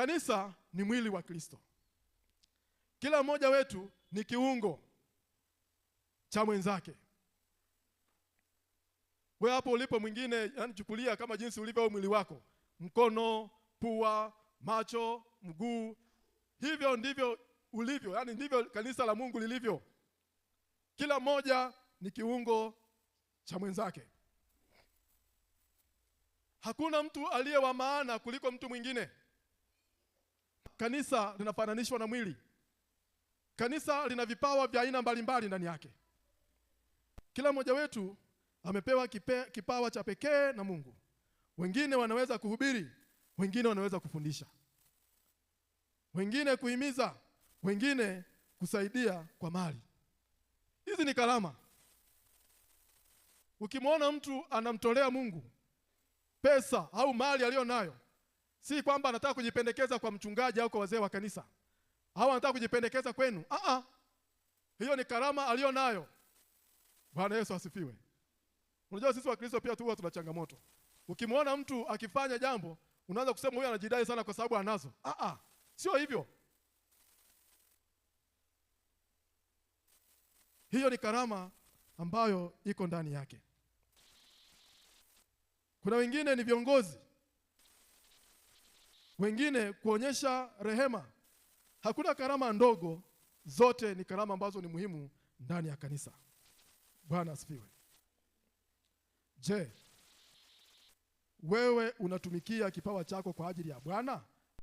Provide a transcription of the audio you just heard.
Kanisa ni mwili wa Kristo. Kila mmoja wetu ni kiungo cha mwenzake. Wewe hapo ulipo mwingine, yani chukulia kama jinsi ulivyo mwili wako, mkono, pua, macho, mguu. Hivyo ndivyo ulivyo, yani ndivyo kanisa la Mungu lilivyo. Kila mmoja ni kiungo cha mwenzake. Hakuna mtu aliye wa maana kuliko mtu mwingine kanisa linafananishwa na mwili. Kanisa lina vipawa vya aina mbalimbali ndani yake. Kila mmoja wetu amepewa kipe, kipawa cha pekee na Mungu. Wengine wanaweza kuhubiri, wengine wanaweza kufundisha, wengine kuhimiza, wengine kusaidia kwa mali. Hizi ni karama. Ukimwona mtu anamtolea Mungu pesa au mali aliyonayo Si kwamba anataka kujipendekeza kwa mchungaji au kwa wazee wa kanisa au anataka kujipendekeza kwenu. ah. hiyo ni karama aliyo nayo. Bwana Yesu asifiwe. Unajua sisi Wakristo pia tu tuna changamoto. Ukimwona mtu akifanya jambo, unaanza kusema huyu anajidai sana kwa sababu anazo. ah. sio hivyo. Hiyo ni karama ambayo iko ndani yake. Kuna wengine ni viongozi wengine kuonyesha rehema. Hakuna karama ndogo, zote ni karama ambazo ni muhimu ndani ya kanisa. Bwana asifiwe. Je, wewe unatumikia kipawa chako kwa ajili ya Bwana?